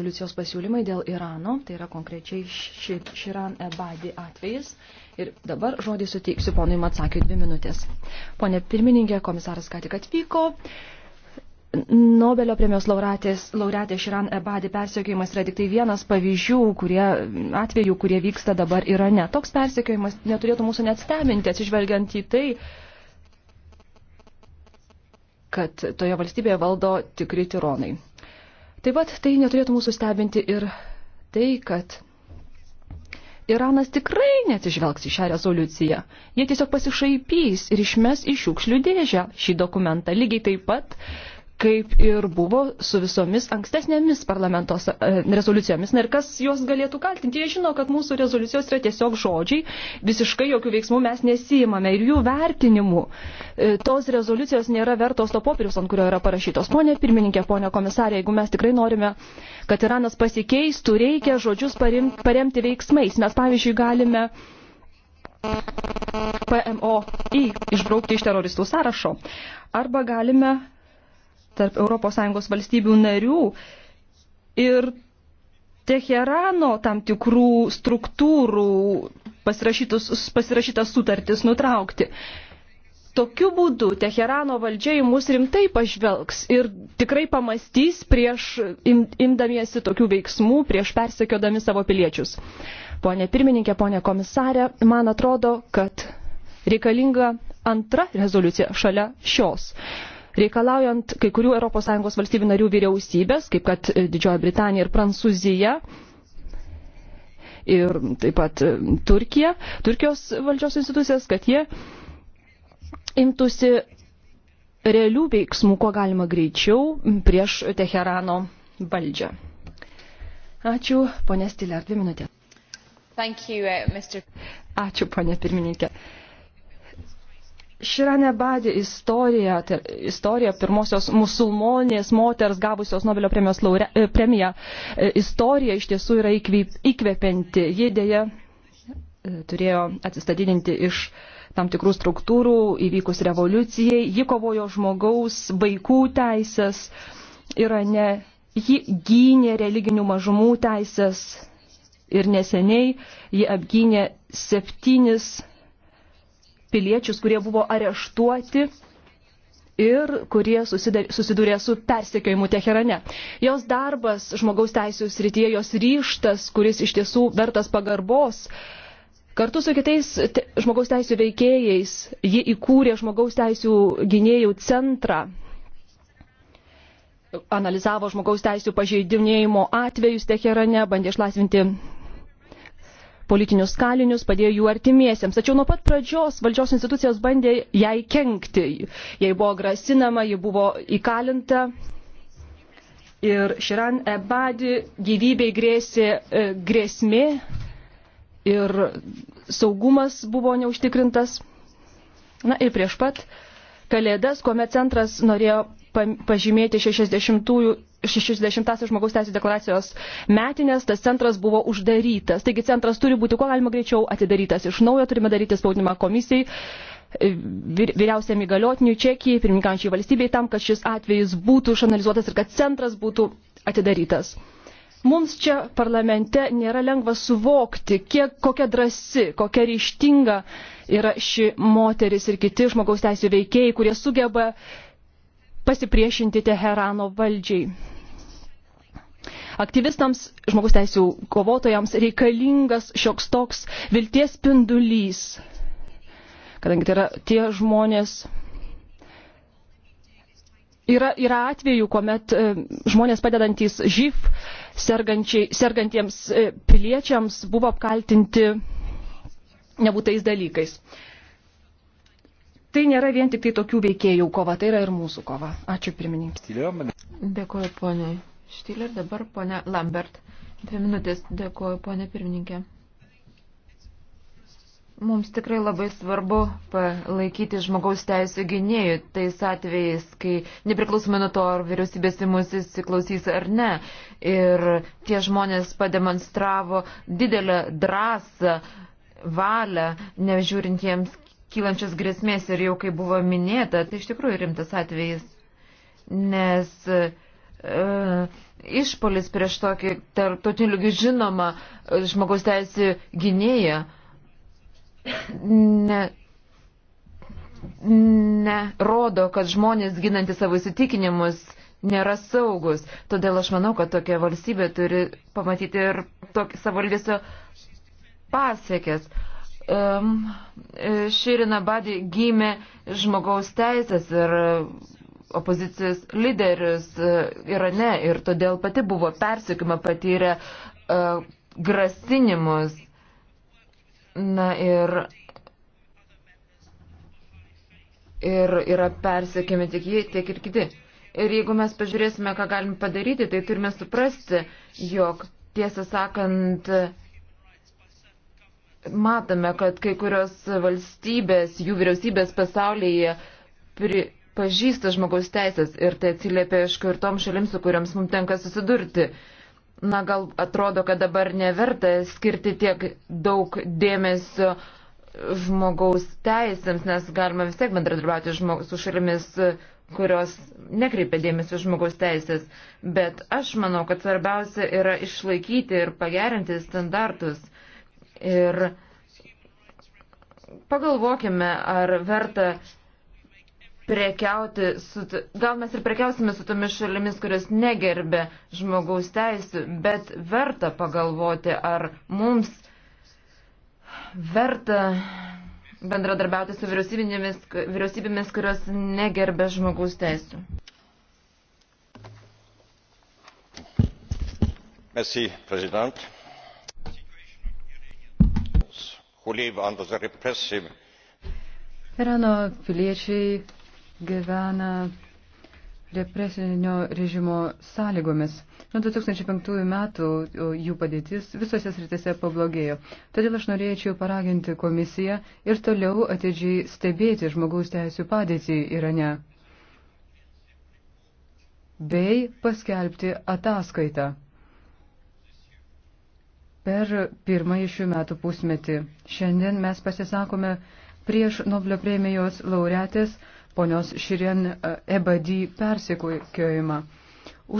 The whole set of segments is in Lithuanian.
rezoliucijos pasiūlymai dėl Irano, tai yra konkrečiai Širan Ebadi atvejis. Ir dabar žodį suteiksiu ponui Matsakiu dvi minutės. Pone pirmininkė, komisaras ką tik atvyko. Nobelio premijos laureatė Širan Ebadi persiekiojimas yra tik tai vienas pavyzdžių kurie, atvejų, kurie vyksta dabar Irane. Toks persiekiojimas neturėtų mūsų net steminti, atsižvelgiant į tai, kad toje valstybėje valdo tikri tironai. Taip pat tai neturėtų mūsų stebinti ir tai, kad Iranas tikrai neatsižvelgs į šią rezoliuciją. Jie tiesiog pasišaipys ir išmes į šiukšlių dėžę šį dokumentą. Lygiai taip pat kaip ir buvo su visomis ankstesnėmis parlamentos e, rezoliucijomis. Na ir kas juos galėtų kaltinti? Jie žino, kad mūsų rezoliucijos yra tiesiog žodžiai, visiškai jokių veiksmų mes nesijimame ir jų vertinimų. E, tos rezoliucijos nėra vertos to popieriaus, ant kurio yra parašytos. Pone pirmininkė, pone komisarė, jeigu mes tikrai norime, kad Iranas pasikeistų, reikia žodžius paremti veiksmais. Mes, pavyzdžiui, galime PMOI išbraukti iš teroristų sąrašo. Arba galime tarp ES valstybių narių ir Teherano tam tikrų struktūrų pasirašytas sutartis nutraukti. Tokiu būdu Teherano valdžia į mus rimtai pažvelgs ir tikrai pamastys prieš imdamiesi tokių veiksmų, prieš persekiodami savo piliečius. Pone pirmininkė, pone komisarė, man atrodo, kad reikalinga antra rezoliucija šalia šios reikalaujant kai kurių ES valstybių narių vyriausybės, kaip kad e, Didžioji Britanija ir Prancūzija, ir taip pat e, Turkija, Turkijos valdžios institucijas, kad jie imtųsi realių veiksmų, kuo galima greičiau, prieš Teherano valdžią. Ačiū, ponė Stiller, dvi minutės. Thank you, uh, Mr. Ačiū, ponė pirmininkė. Uh, Širane Badė istorija, tai istorija pirmosios musulmonės moters gavusios Nobelio premijos laure, e, premiją, e, istorija iš tiesų yra įkvepianti. Ji dėja e, turėjo atsistatydinti iš tam tikrų struktūrų, įvykus revoliucijai. Ji kovojo žmogaus, vaikų teisės, Irane. Ji gynė religinių mažumų teisės ir neseniai ji apgynė septynis piliečius, kurie buvo areštuoti ir kurie susidūrė su persekiojimu Teherane. Jos darbas žmogaus teisų srityje, jos ryštas, kuris iš tiesų vertas pagarbos, Kartu su kitais te, žmogaus teisų veikėjais ji įkūrė žmogaus teisų gynėjų centrą, analizavo žmogaus teisų pažeidinėjimo atvejus Teherane, bandė išlaisvinti politinius kalinius, padėjo jų artimiesiems. Tačiau nuo pat pradžios valdžios institucijos bandė jai kenkti. Jai buvo grasinama, ji buvo įkalinta. Ir Širan Ebadi gyvybei grėsė e, grėsmė ir saugumas buvo neužtikrintas. Na ir prieš pat Kalėdas, kuomet centras norėjo pažymėti 60-ųjų 60 žmogaus teisų deklaracijos metinės, tas centras buvo uždarytas. Taigi centras turi būti kuo galima greičiau atidarytas iš naujo, turime daryti spaudimą komisijai, e, vyriausiam įgaliotiniui Čekijai, pirmininkančiai valstybei tam, kad šis atvejis būtų išanalizuotas ir kad centras būtų atidarytas. Mums čia parlamente nėra lengva suvokti, kiek, kokia drasi, kokia ryštinga yra ši moteris ir kiti žmogaus teisų veikėjai, kurie sugeba pasipriešinti Teherano valdžiai. Aktyvistams, žmogus teisų kovotojams reikalingas šioks toks vilties spindulys, kadangi tai yra tie žmonės. Yra, yra atvejų, kuomet e, žmonės padedantys žyf sergantiems e, piliečiams buvo apkaltinti nebūtais dalykais tai nėra vien tik tai tokių veikėjų kova, tai yra ir mūsų kova. Ačiū pirmininkė. Dėkuoju poniai Štiler, dabar ponia Lambert. Dvi minutės, dėkuoju ponia pirmininkė. Mums tikrai labai svarbu palaikyti žmogaus teisų gynėjų tais atvejais, kai nepriklausomai nuo to, ar vyriausybės į mus įsiklausys ar ne. Ir tie žmonės pademonstravo didelę drąsą valią, nežiūrint jiems kylančios grėsmės ir jau kaip buvo minėta, tai iš tikrųjų rimtas atvejis, nes e, išpolis prieš tokį tarptautinių lygių žinomą e, žmogaus teisų gynėją ne, ne rodo, kad žmonės ginanti savo įsitikinimus nėra saugus. Todėl aš manau, kad tokia valstybė turi pamatyti ir tokį savo elgesio pasiekes. Uh, Širina Badi gimė žmogaus teisės ir opozicijos lyderius e, Irane ir todėl pati buvo persikima patyrę uh, e, grasinimus. Na ir, ir yra persikimi tik jie, tiek ir kiti. Ir jeigu mes pažiūrėsime, ką galim padaryti, tai turime suprasti, jog tiesą sakant, uh, matome, kad kai kurios valstybės, jų vyriausybės pasaulyje pripažįsta žmogaus teisės ir tai atsiliepia, aišku, ir tom šalims, su kuriams mums tenka susidurti. Na, gal atrodo, kad dabar neverta skirti tiek daug dėmesio žmogaus teisėms, nes galima vis tiek bendradarbiauti žmog, su šalimis, kurios nekreipia dėmesio žmogaus teisės. Bet aš manau, kad svarbiausia yra išlaikyti ir pagerinti standartus. Ir pagalvokime, ar verta prekiauti, su, gal mes ir prekiausime su tomis šalimis, kurios negerbė žmogaus teisų, bet verta pagalvoti, ar mums verta bendradarbiauti su vyriausybėmis, vyriausybėmis kurios negerbė žmogaus teisų. Merci, président who live under the repressive. Irano piliečiai gyvena represinio režimo sąlygomis. Nuo 2005 metų jų padėtis visose sritise pablogėjo. Todėl aš norėčiau paraginti komisiją ir toliau atidžiai stebėti žmogaus teisų padėtį Irane bei paskelbti ataskaitą per pirmąjį šių metų pusmetį. Šiandien mes pasisakome prieš Nobelio premijos laureatės ponios Širien e, Ebadi persikojimą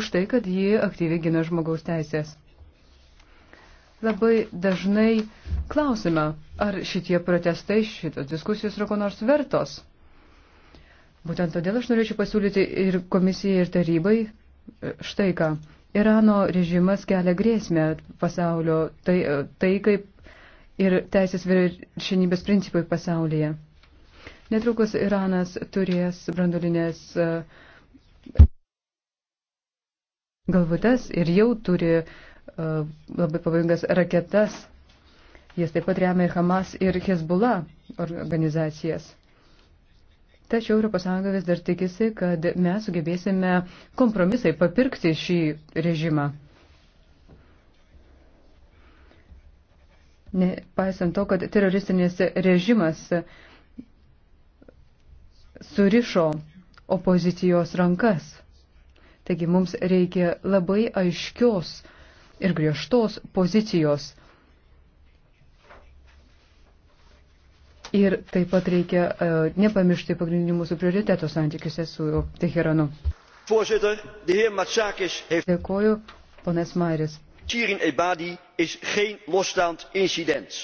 už tai, kad ji aktyviai gina žmogaus teisės. Labai dažnai klausime, ar šitie protestai, šitos diskusijos yra ko nors vertos. Būtent todėl aš norėčiau pasiūlyti ir komisijai, ir tarybai e, štai ką. Irano režimas kelia grėsmę pasaulio tai, tai kaip ir teisės viršinybės principai pasaulyje. Netrukus Iranas turės brandulinės e, galvutes ir jau turi e, labai pavojingas raketas. Jis taip pat remia ir Hamas ir Hezbollah organizacijas. Tačiau ES vis dar tikisi, kad mes sugebėsime kompromisai papirkti šį režimą. Nepaisant to, kad teroristinis režimas surišo opozicijos rankas. Taigi mums reikia labai aiškios ir griežtos pozicijos Ir taip pat reikia uh, nepamiršti pagrindinių mūsų prioritetų santykiuose su Teheranu. Voorzitter, de heer Matsakis heeft. Dėkoju, ponas Mairis. Shirin Ebadi is geen losstaand incident.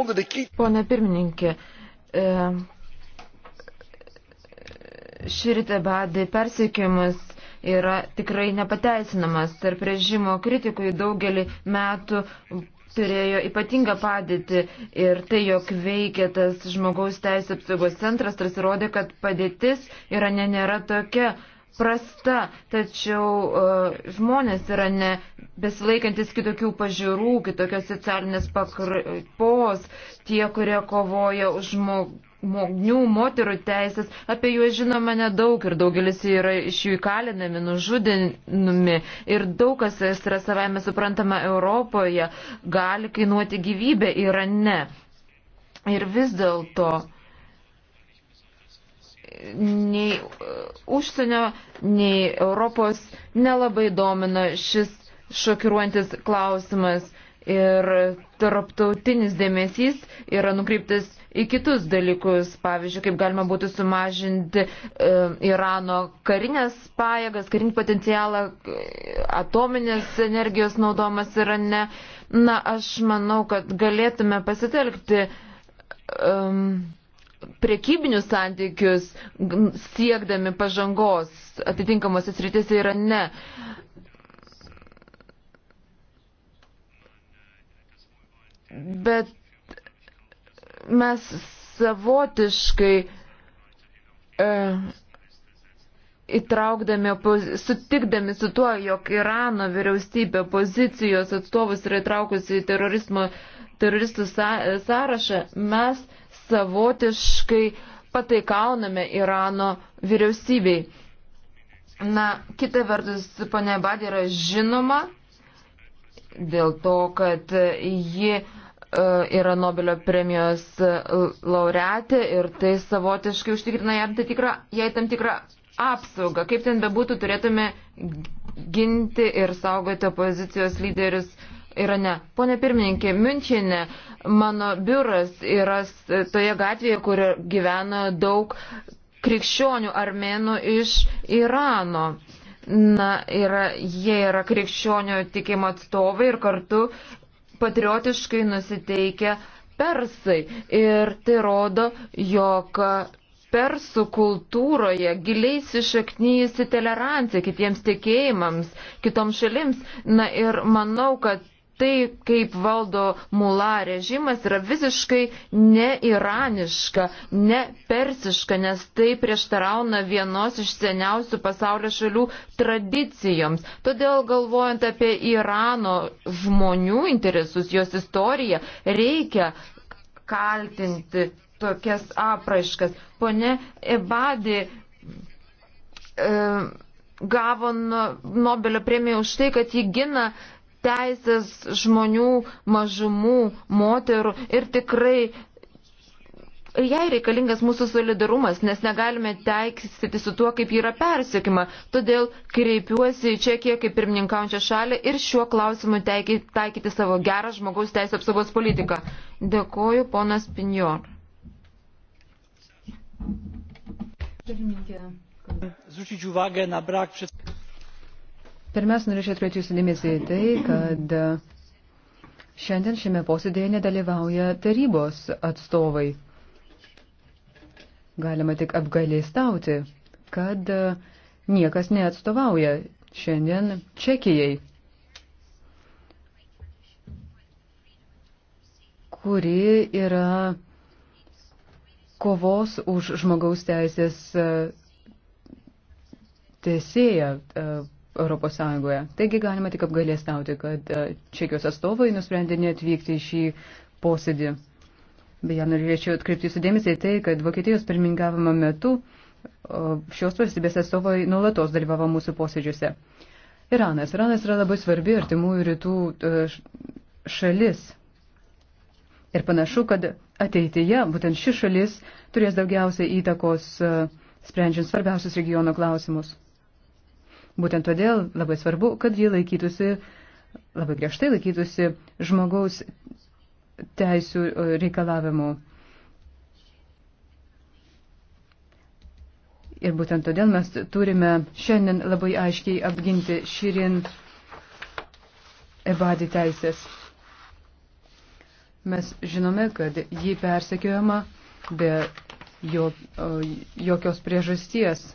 Onder de kriek. Pone pirmininkė, e, Shirin Ebadi persiekimas yra tikrai nepateisinamas. Tarp režimo kritikų daugelį metų turėjo ypatingą padėtį ir tai, jog veikia tas žmogaus teisų apsaugos centras, tas įrodė, kad padėtis Irane nėra tokia prasta, tačiau uh, žmonės yra ne besilaikantis kitokių pažiūrų, kitokios socialinės pakraipos, tie, kurie kovoja už žmogų žmonių, moterų teisės, apie juos žinoma nedaug ir daugelis yra iš jų įkalinami, nužudinami ir daug kas yra savame suprantama Europoje, gali kainuoti gyvybę, yra ne. Ir vis dėlto nei e, užsienio, nei Europos nelabai domina šis šokiruojantis klausimas ir tarptautinis dėmesys yra nukreiptas į kitus dalykus, pavyzdžiui, kaip galima būtų sumažinti e, Irano karinės pajėgas, karinį potencialą, atominės energijos naudomas Irane. Na, aš manau, kad galėtume pasitelkti. Um, e, priekybinius santykius siekdami pažangos atitinkamose sritise yra ne. bet mes savotiškai e, įtraukdami, sutikdami su tuo, jog Irano vyriausybė pozicijos atstovus yra įtraukusi į terorizmo, teroristų sąrašą, mes savotiškai pataikauname Irano vyriausybei. Na, kita vertus, ponia Badė yra žinoma dėl to, kad ji uh, E, yra Nobelio premijos laureatė ir tai savotiškai užtikrina jam tai tikrą, jai tam tikrą apsaugą. Kaip ten bebūtų, turėtume ginti ir saugoti opozicijos lyderius Irane. Pone pirmininkė, Münchenė, mano biuras yra toje gatvėje, kur gyvena daug krikščionių armenų iš Irano. Na, yra, jie yra krikščionių tikimo atstovai ir kartu patriotiškai nusiteikę persai. Ir tai rodo, jog persų kultūroje giliai sišaknyjusi tolerancija kitiems tikėjimams, kitoms šalims. Na ir manau, kad tai, kaip valdo mula režimas, yra visiškai neiraniška, nepersiška, nes tai prieštarauna vienos iš seniausių pasaulio šalių tradicijoms. Todėl galvojant apie Irano žmonių interesus, jos istoriją, reikia kaltinti tokias apraiškas. Pone Ebadi. E, gavo Nobelio premiją už tai, kad jį gina teisės žmonių, mažumų, moterų ir tikrai jai reikalingas mūsų solidarumas, nes negalime teiksyti su tuo, kaip yra persiekima. Todėl kreipiuosi į Čekiją kaip pirmininkaujančią šalį ir šiuo klausimu teikyti, taikyti savo gerą žmogaus teisų apsaugos politiką. Dėkoju, ponas Pinjor. Pirmininkė. Zwrócić uwagę na brak przedstawienia Pirmiausia, norėčiau atkreipti jūsų dėmesį į tai, kad šiandien šiame posėdėje nedalyvauja tarybos atstovai. Galima tik apgailėstauti, kad niekas neatstovauja šiandien Čekijai, kuri yra kovos už žmogaus teisės e, tesėja. Uh, e, Europos Sąjungoje. Taigi galima tik apgalėstauti, kad e, čekijos atstovai nusprendė neatvykti į šį posėdį. Beje, norėčiau atkreipti jūsų dėmesį į tai, kad Vokietijos pirmingavimo metu šios valstybės atstovai nuolatos dalyvavo mūsų posėdžiuose. Iranas. Iranas yra labai svarbi artimųjų rytų e, šalis. Ir panašu, kad ateityje būtent ši šalis turės daugiausiai įtakos e, sprendžiant svarbiausius regiono klausimus. Būtent todėl labai svarbu, kad ji laikytųsi, labai griežtai laikytųsi žmogaus teisų e, reikalavimų. Ir būtent todėl mes turime šiandien labai aiškiai apginti širin ebadį teisės. Mes žinome, kad jį persekiojama be jo, e, jokios priežasties.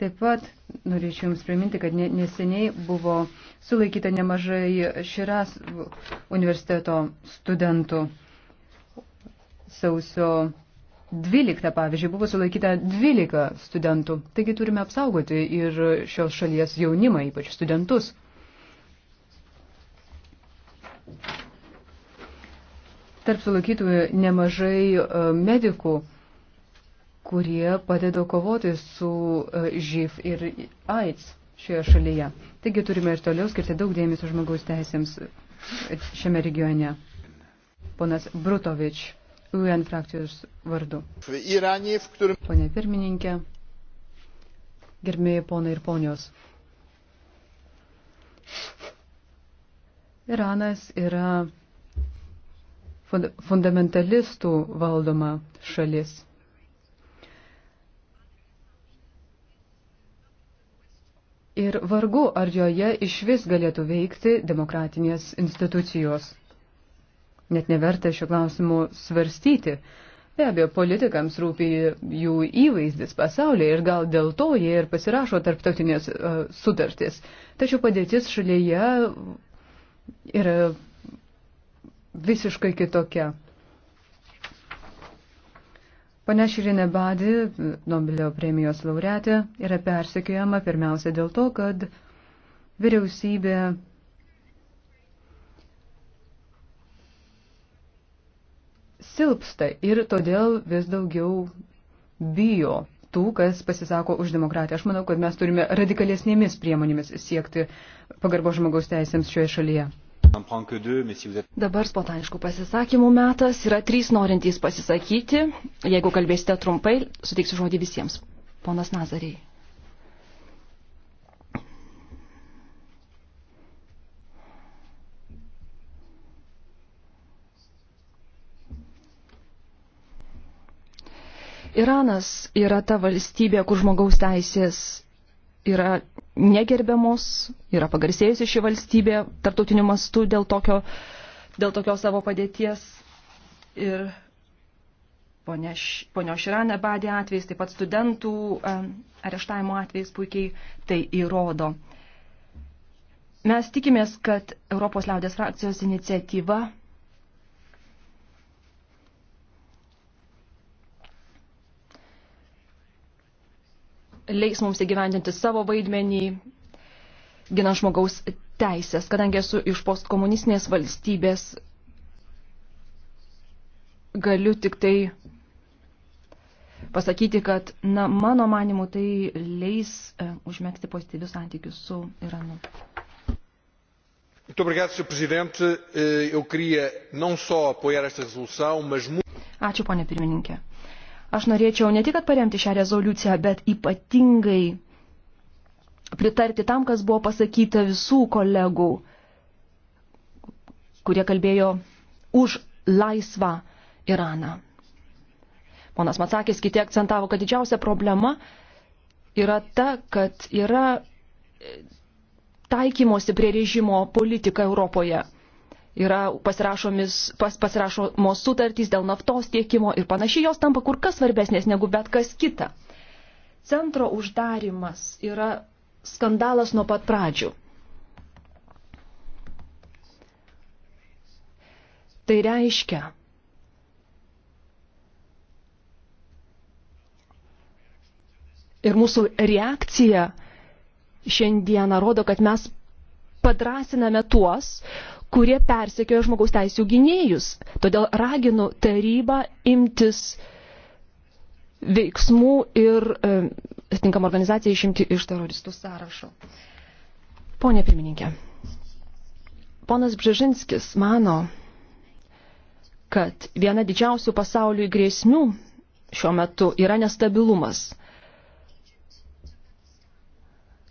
Taip pat norėčiau Jums priminti, kad neseniai buvo sulaikyta nemažai Širas universiteto studentų. Sausio 12, pavyzdžiui, buvo sulaikyta 12 studentų. Taigi turime apsaugoti ir šios šalies jaunimą, ypač studentus. Tarp sulaikytų nemažai e, medikų kurie padeda kovoti su e, živ ir AIDS šioje šalyje. Taigi turime ir toliau skirti daug dėmesio žmogaus teisėms e, šiame regione. Ponas Brutovič, UN frakcijos vardu. Pone pirmininkė, gerbėjai ponai ir ponios. Iranas yra fundamentalistų valdoma šalis. ir vargu ar joje iš vis galėtų veikti demokratinės institucijos. Net neverta šio klausimu svarstyti. Be abejo, politikams rūpi jų įvaizdis pasaulyje ir gal dėl to jie ir pasirašo tarptautinės uh, sutartis. Tačiau padėtis šalyje yra visiškai kitokia. Pane Širinė Badi, Nobelio premijos laureatė, yra persekiojama pirmiausia dėl to, kad vyriausybė silpsta ir todėl vis daugiau bijo tų, kas pasisako už demokratiją. Aš manau, kad mes turime radikalesnėmis priemonėmis siekti pagarbo žmogaus teisėms šioje šalyje. Dabar spontaniškų pasisakymų metas. Yra trys norintys pasisakyti. Jeigu kalbėsite trumpai, suteiksiu žodį visiems. Ponas Nazariai. Iranas yra ta valstybė, kur žmogaus teisės yra negerbiamos, yra pagarsėjusi ši valstybė tarptautiniu mastu dėl, tokio, dėl tokio savo padėties. Ir ponio Širane badė atvejais, taip pat studentų areštavimo atvejais puikiai tai įrodo. Mes tikimės, kad Europos liaudės frakcijos iniciatyva leis mums įgyvendinti savo vaidmenį, ginant žmogaus teisės, kadangi esu iš postkomunistinės valstybės, galiu tik tai pasakyti, kad, na, mano manimu, tai leis uh, užmėgti pozityvius santykius su Iranu. Muito obrigado, Sr. Presidente. Eh, eu queria não só apoiar esta resolução, mas muito. Ačiū, ponė pirmininkė. Aš norėčiau ne tik paremti šią rezoliuciją, bet ypatingai pritarti tam, kas buvo pasakyta visų kolegų, kurie kalbėjo už laisvą Iraną. Ponas Matsakis kiti akcentavo, kad didžiausia problema yra ta, kad yra taikymosi prie režimo politika Europoje yra pas, pasirašomos sutartys dėl naftos tiekimo ir panašiai, jos tampa kur kas svarbesnės negu bet kas kita. Centro uždarimas yra skandalas nuo pat pradžių. Tai reiškia, ir mūsų reakcija šiandieną rodo, kad mes padrasiname tuos, kurie persekioja žmogaus teisų gynėjus. Todėl raginu tarybą imtis veiksmų ir e, tinkamą organizaciją išimti iš teroristų sąrašo. Pone pirmininkė, ponas Bžežinskis mano, kad viena didžiausių pasauliui grėsmių šiuo metu yra nestabilumas.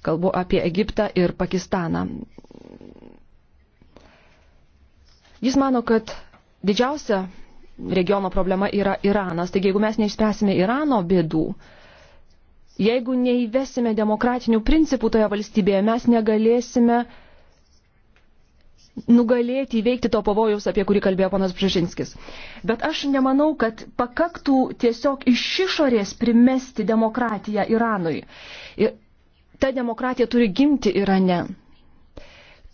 Kalbu apie Egiptą ir Pakistaną. Jis mano, kad didžiausia regiono problema yra Iranas. Taigi, jeigu mes neišspręsime Irano bėdų, jeigu neįvesime demokratinių principų toje valstybėje, mes negalėsime nugalėti, įveikti to pavojaus, apie kurį kalbėjo panas Bržinskis. Bet aš nemanau, kad pakaktų tiesiog iš išorės primesti demokratiją Iranui. Ir ta demokratija turi gimti Irane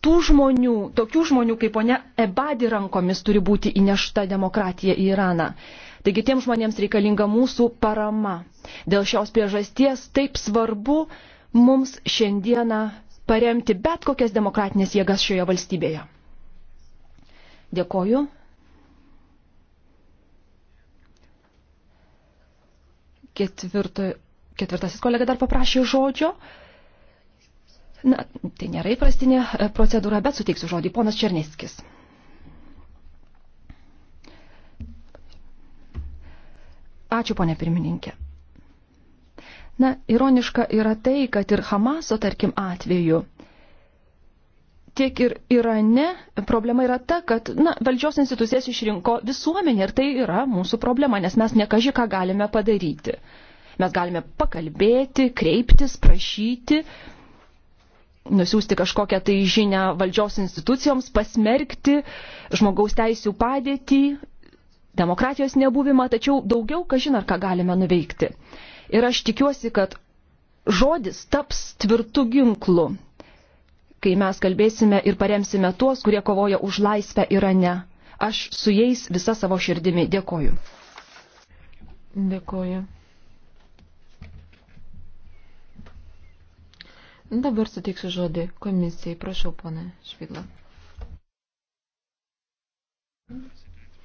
tų žmonių, tokių žmonių kaip ponia Ebadi rankomis turi būti įnešta demokratija į Iraną. Taigi tiems žmonėms reikalinga mūsų parama. Dėl šios priežasties taip svarbu mums šiandieną paremti bet kokias demokratinės jėgas šioje valstybėje. Dėkoju. Ketvirto, ketvirtasis kolega dar paprašė žodžio. Na, tai nėra įprastinė e, procedūra, bet suteiksiu žodį ponas Černeckis. Ačiū, ponė pirmininkė. Na, ironiška yra tai, kad ir Hamaso, tarkim, atveju tiek ir Irane problema yra ta, kad na, valdžios institucijas išrinko visuomenė ir tai yra mūsų problema, nes mes nekaži ką galime padaryti. Mes galime pakalbėti, kreiptis, prašyti, nusiųsti kažkokią tai žinę valdžios institucijoms, pasmerkti žmogaus teisų padėtį, demokratijos nebuvimą, tačiau daugiau, ką žin, ar ką galime nuveikti. Ir aš tikiuosi, kad žodis taps tvirtų ginklų, kai mes kalbėsime ir paremsime tuos, kurie kovoja už laisvę Irane. Aš su jais visa savo širdimi dėkoju. Dėkoju. Dabar suteiksiu žodį komisijai. Prašau, ponė Švidla.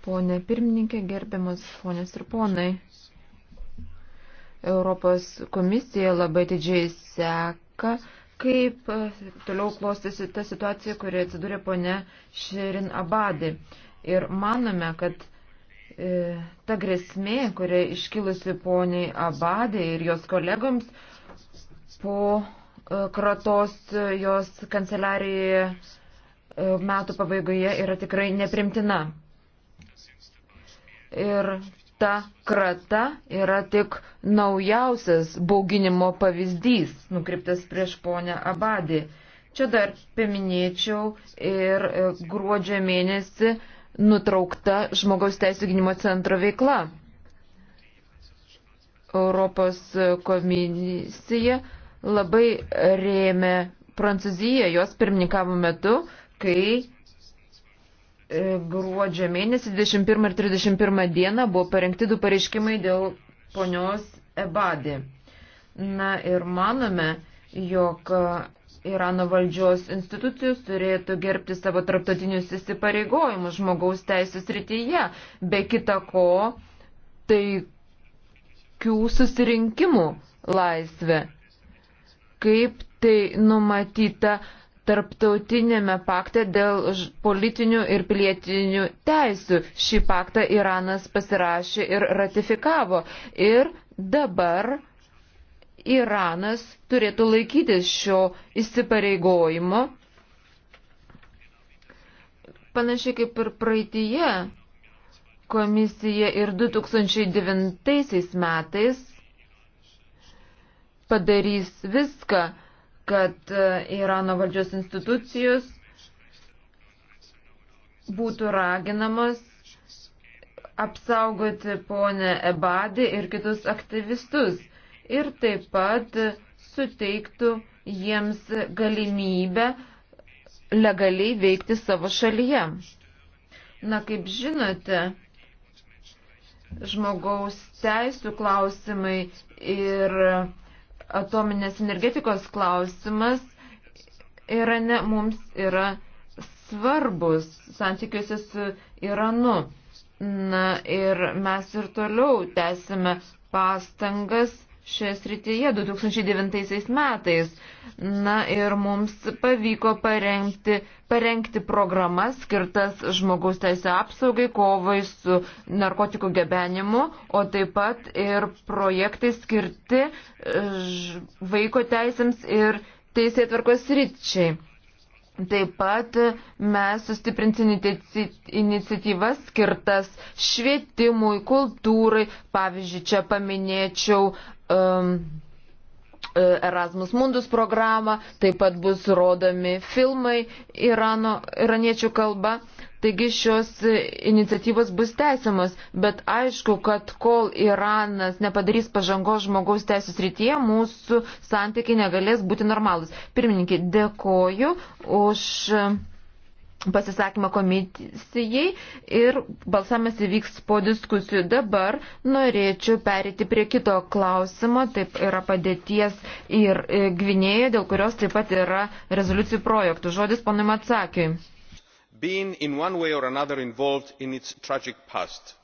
Pone pirmininkė, gerbiamas ponės ir ponai. Europos komisija labai didžiai seka, kaip e, toliau klostėsi ta situacija, kurioje atsidūrė ponė Širin Abadi. Ir manome, kad e, ta grėsmė, kuria iškilusi poniai Abadė ir jos kolegoms po E, kratos e, jos kanceliarijoje metų pabaigoje yra tikrai neprimtina. Ir ta krata yra tik naujausias bauginimo pavyzdys, nukreiptas prieš ponę Abadį. Čia dar paminėčiau ir e, gruodžio mėnesį nutraukta žmogaus teisų gynimo centro veikla. Europos komisija labai rėmė Prancūziją jos pirmininkavimo metu, kai e, gruodžio mėnesį 21 ir 31 dieną buvo parengti du pareiškimai dėl ponios Ebadi. Na ir manome, jog Irano valdžios institucijos turėtų gerbti savo tarptautinius įsipareigojimus žmogaus teisės rytyje, be kita ko, taikių susirinkimų laisvė kaip tai numatyta tarptautinėme pakte dėl politinių ir pilietinių teisių. Šį paktą Iranas pasirašė ir ratifikavo. Ir dabar Iranas turėtų laikytis šio įsipareigojimo. Panašiai kaip ir praeitie, komisija ir 2009 metais padarys viską, kad e, Irano valdžios institucijos būtų raginamas apsaugoti ponę Ebadį ir kitus aktyvistus ir taip pat suteiktų jiems galimybę legaliai veikti savo šalyje. Na, kaip žinote, žmogaus teisų klausimai ir atominės energetikos klausimas Irane mums yra svarbus santykiuose su Iranu. Na ir mes ir toliau tęsime pastangas šioje srityje 2009 metais. Na ir mums pavyko parengti, parengti programas skirtas žmogaus teisė apsaugai, kovai su narkotikų gebenimu, o taip pat ir projektai skirti e, vaiko teisėms ir teisėtvarkos ryčiai. Taip pat mes sustiprinsim iniciatyvas skirtas švietimui, kultūrai. Pavyzdžiui, čia paminėčiau um, E, Erasmus Mundus programą, taip pat bus rodomi filmai Irano, iraniečių kalba. Taigi šios e, iniciatyvos bus tęsiamos, bet aišku, kad kol Iranas nepadarys pažangos žmogaus teisės rytyje, mūsų santykiai negalės būti normalus. Pirmininkė, dėkoju už pasisakymą komisijai ir balsamas įvyks po diskusijų. Dabar norėčiau perėti prie kito klausimo, taip yra padėties ir e, Gvinėje, dėl kurios taip pat yra rezoliucijų projektų. Žodis ponui Matsakiui. Being in one way or another involved in its tragic past